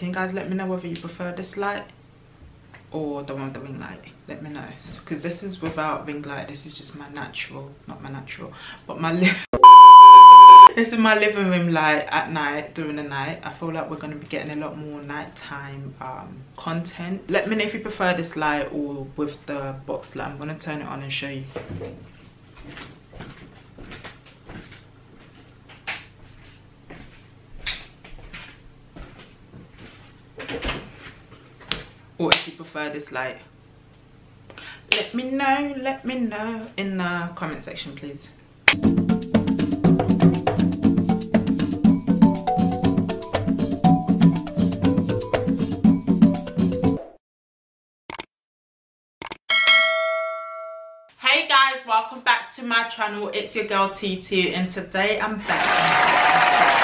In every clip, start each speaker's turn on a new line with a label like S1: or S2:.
S1: can you guys let me know whether you prefer this light or the one with the ring light let me know because this is without ring light this is just my natural not my natural but my this is my living room light at night during the night i feel like we're going to be getting a lot more nighttime um, content let me know if you prefer this light or with the box light i'm going to turn it on and show you or if you prefer this light? let me know let me know in the comment section please hey guys welcome back to my channel it's your girl tt and today i'm back, back,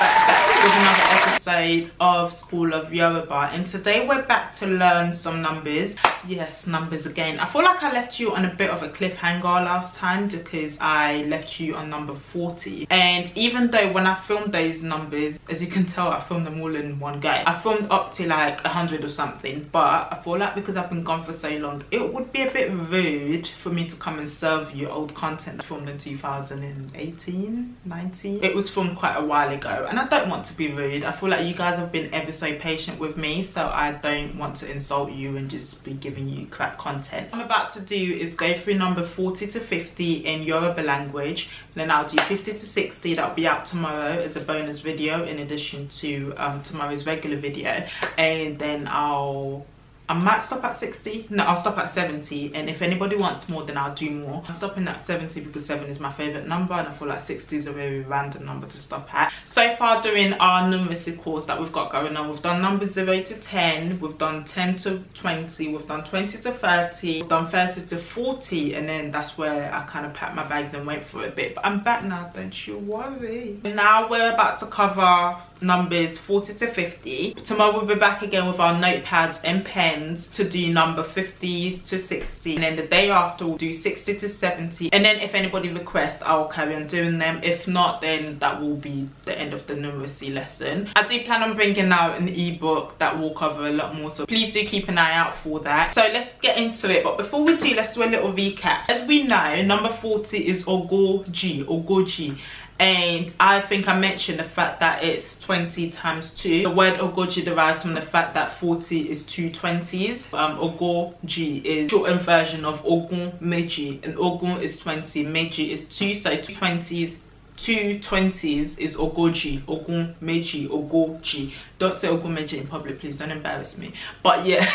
S1: back, back with another episode episode of School of Yoruba and today we're back to learn some numbers. Yes, numbers again. I feel like I left you on a bit of a cliffhanger last time because I left you on number 40 and even though when I filmed those numbers, as you can tell I filmed them all in one go. I filmed up to like 100 or something but I feel like because I've been gone for so long it would be a bit rude for me to come and serve you old content filmed in 2018, 19. It was filmed quite a while ago and I don't want to be rude. I feel like like you guys have been ever so patient with me so I don't want to insult you and just be giving you crap content. What I'm about to do is go through number 40 to 50 in Yoruba language then I'll do 50 to 60 that'll be out tomorrow as a bonus video in addition to um, tomorrow's regular video and then I'll I might stop at 60. No, I'll stop at 70. And if anybody wants more, then I'll do more. I'm stopping at 70 because 7 is my favourite number and I feel like 60 is a very random number to stop at. So far during our numeracy course that we've got going on, we've done numbers 0 to 10, we've done 10 to 20, we've done 20 to 30, we've done 30 to 40 and then that's where I kind of packed my bags and went for a bit. But I'm back now, don't you worry. Now we're about to cover numbers 40 to 50 tomorrow we'll be back again with our notepads and pens to do number 50 to 60 and then the day after we'll do 60 to 70 and then if anybody requests i'll carry on doing them if not then that will be the end of the numeracy lesson i do plan on bringing out an ebook that will cover a lot more so please do keep an eye out for that so let's get into it but before we do let's do a little recap as we know number 40 is ogoji ogoji and i think i mentioned the fact that it's 20 times 2 the word ogoji derives from the fact that 40 is two 20s um ogoji is shortened version of ogun meji and ogun is 20 meji is two so two 20s two twenties is Ogoji, Ogun Meji, Ogoji. Don't say Ogun Meji in public, please. Don't embarrass me. But yeah,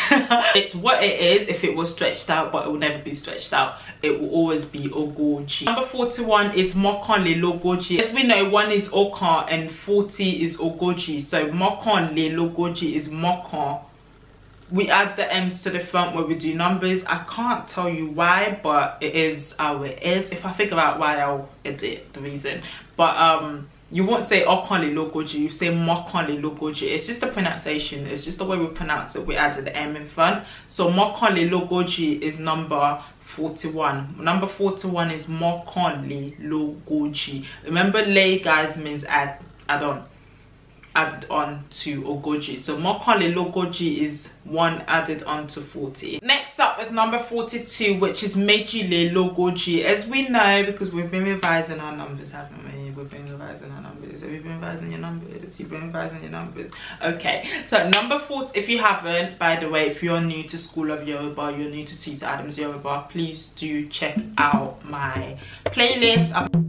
S1: it's what it is if it was stretched out, but it will never be stretched out. It will always be Ogoji. Number 41 is Mokon Le Logoji. As we know, one is Okan and 40 is Ogoji. So Mokon Le Logoji is Mokon we add the m's to the front where we do numbers i can't tell you why but it is how it is if i figure out why i'll edit the reason but um you won't say okanle logoji you say mokanle logoji it's just the pronunciation it's just the way we pronounce it we added the m in front so mokanle logoji is number 41 number 41 is mokanle logoji remember lay guys means add add on added on to Ogoji. So Mokale Logoji is one added on to 40. Next up is number 42, which is Mejile Logoji. As we know, because we've been revising our numbers, haven't we? We've been revising our numbers. Have you been revising your numbers? You've been revising your numbers. Okay, so number 40, if you haven't, by the way, if you're new to School of Yoruba, you're new to Tita Adams Yoruba, please do check out my playlist. I'm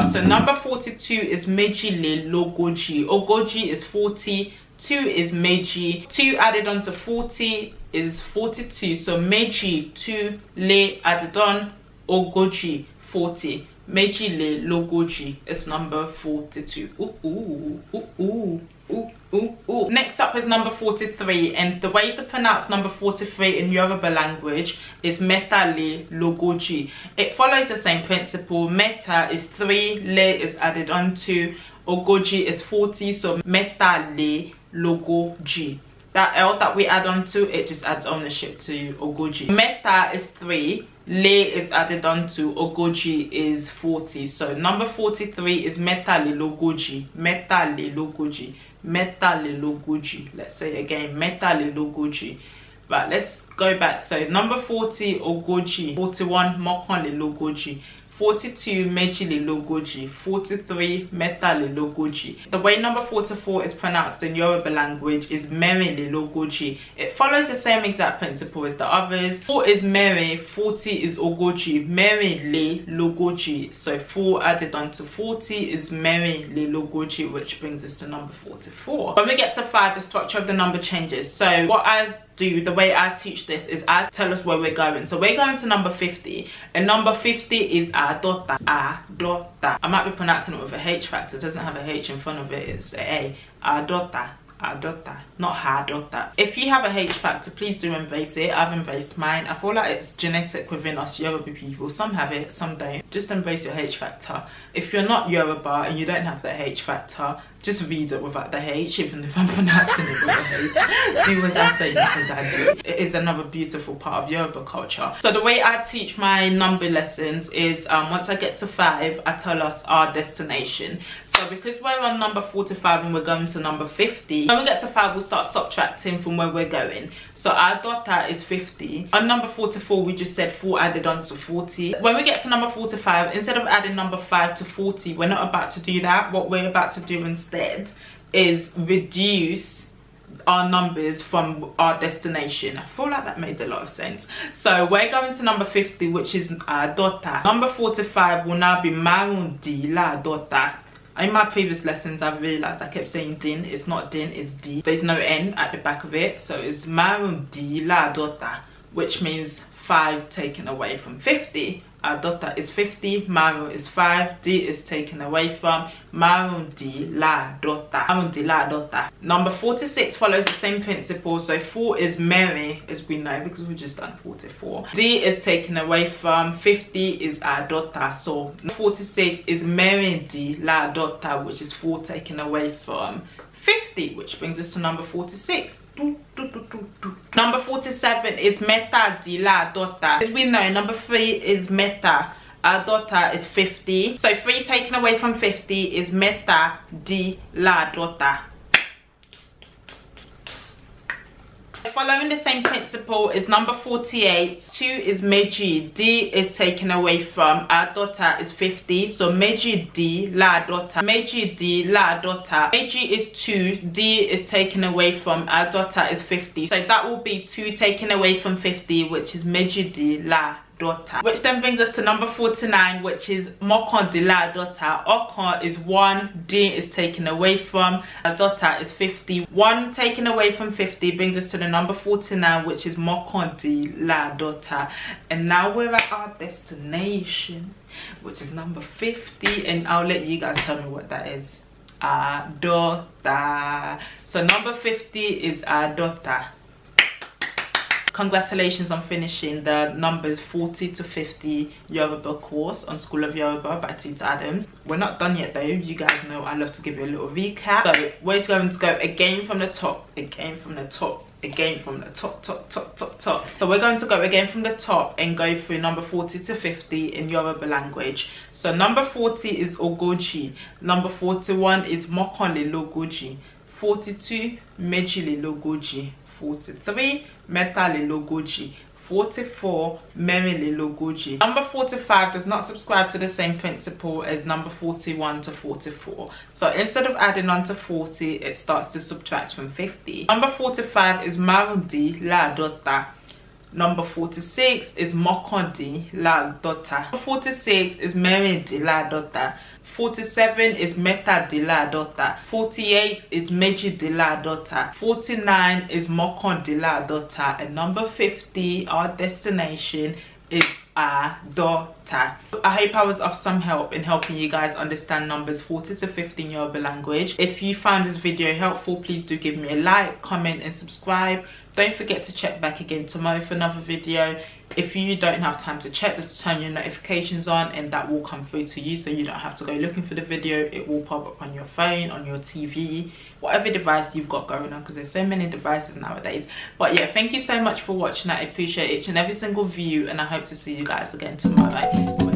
S1: so number 42 is Meiji Le Logoji. Ogoji is 40, 2 is Meiji. 2 added on to 40 is 42. So Meiji 2, Le added on, Ogoji 40. Meiji Le Logoji is number 42. Ooh, ooh, ooh, ooh ooh, ooh, ooh. Next up is number 43 and the way to pronounce number 43 in Yoruba language is meta le logoji. It follows the same principle. Meta is 3, le is added onto ogoji is 40 so meta le logoji. That L that we add onto it just adds ownership to Ogoji. Meta is 3, Le is added onto Ogoji is 40. So number 43 is Meta Le Logoji. Meta Le Logoji mẹ́tàlélógójì let's say again mẹ́tàlélógójì but let's go back so number forty ogójì forty one mọ́kànlélógójì 42 logoji. 43 logoji. the way number 44 is pronounced in Yoruba language is logoji. it follows the same exact principle as the others 4 is Meri, 40 is ogójì logoji. so 4 added on to 40 is logoji, which brings us to number 44 when we get to 5 the structure of the number changes so what I do the way i teach this is i tell us where we're going so we're going to number 50 and number 50 is our daughter. Our daughter. i might be pronouncing it with a h factor it doesn't have a h in front of it it's a daughter, our daughter, not daughter. if you have a h factor please do embrace it i've embraced mine i feel like it's genetic within us yoruba people some have it some don't just embrace your h factor if you're not yoruba and you don't have the h factor just read it without the H, even if I'm pronouncing it with the H. do as I say, not as I do. It is another beautiful part of Yoruba culture. So the way I teach my number lessons is um, once I get to five, I tell us our destination. So because we're on number 45 and we're going to number 50, when we get to five, we'll start subtracting from where we're going so our daughter is 50 on number 44 we just said 4 added on to 40 when we get to number 45 instead of adding number 5 to 40 we're not about to do that what we're about to do instead is reduce our numbers from our destination. I feel like that made a lot of sense. So we're going to number 50, which is our daughter. Number 45 will now be Marundi, la daughter in my previous lessons i've realized i kept saying din it's not din it's d there's no n at the back of it so it's marum di la dota which means five taken away from 50 our daughter is 50, Maron is 5, D is taken away from, Maron di la daughter, Maron di la daughter. Number 46 follows the same principle, so 4 is Mary, as we know, because we've just done 44. D is taken away from, 50 is our daughter, so 46 is Mary di la daughter, which is 4 taken away from 50, which brings us to number 46. Number 47 is Meta de la Dota. As we know, number 3 is Meta. Our uh, daughter is 50. So 3 taken away from 50 is Meta de la Dota. Following the same principle is number 48. 2 is Meji. D is taken away from. Our daughter is 50. So Meji D, la daughter. Meji D, la daughter. Meji is 2. D is taken away from. Our daughter is 50. So that will be 2 taken away from 50, which is Meji D, la daughter which then brings us to number 49 which is mokon de la daughter okon is one d is taken away from a daughter is 50 one taken away from 50 brings us to the number 49 which is mokon de la daughter and now we're at our destination which is number 50 and i'll let you guys tell me what that is uh, adota so number 50 is uh, adota congratulations on finishing the numbers 40 to 50 Yoruba course on School of Yoruba by Tita Adams. We're not done yet though, you guys know I love to give you a little recap. So we're going to go again from the top, again from the top, again from the top, top, top, top, top. So we're going to go again from the top and go through number 40 to 50 in Yoruba language. So number 40 is Ogoji, number 41 is Mokonle Logoji, 42 Mejilelogoji. 43 metalelogoji 44 merilelogoji number 45 does not subscribe to the same principle as number 41 to 44 so instead of adding on to 40 it starts to subtract from 50 number 45 is marudi la dota Number 46 is Mokondi La Dota. Number 46 is Meridi La Dota. 47 is Meta de la Dota. 48 is Meji de la Dota. 49 is Mokon de la Dota. And number 50, our destination, is our daughter. I hope I was of some help in helping you guys understand numbers 40 to 15 Yoruba language. If you found this video helpful, please do give me a like, comment and subscribe. Don't forget to check back again tomorrow for another video if you don't have time to check just turn your notifications on and that will come through to you so you don't have to go looking for the video it will pop up on your phone on your tv whatever device you've got going on because there's so many devices nowadays but yeah thank you so much for watching i appreciate each and every single view and i hope to see you guys again tomorrow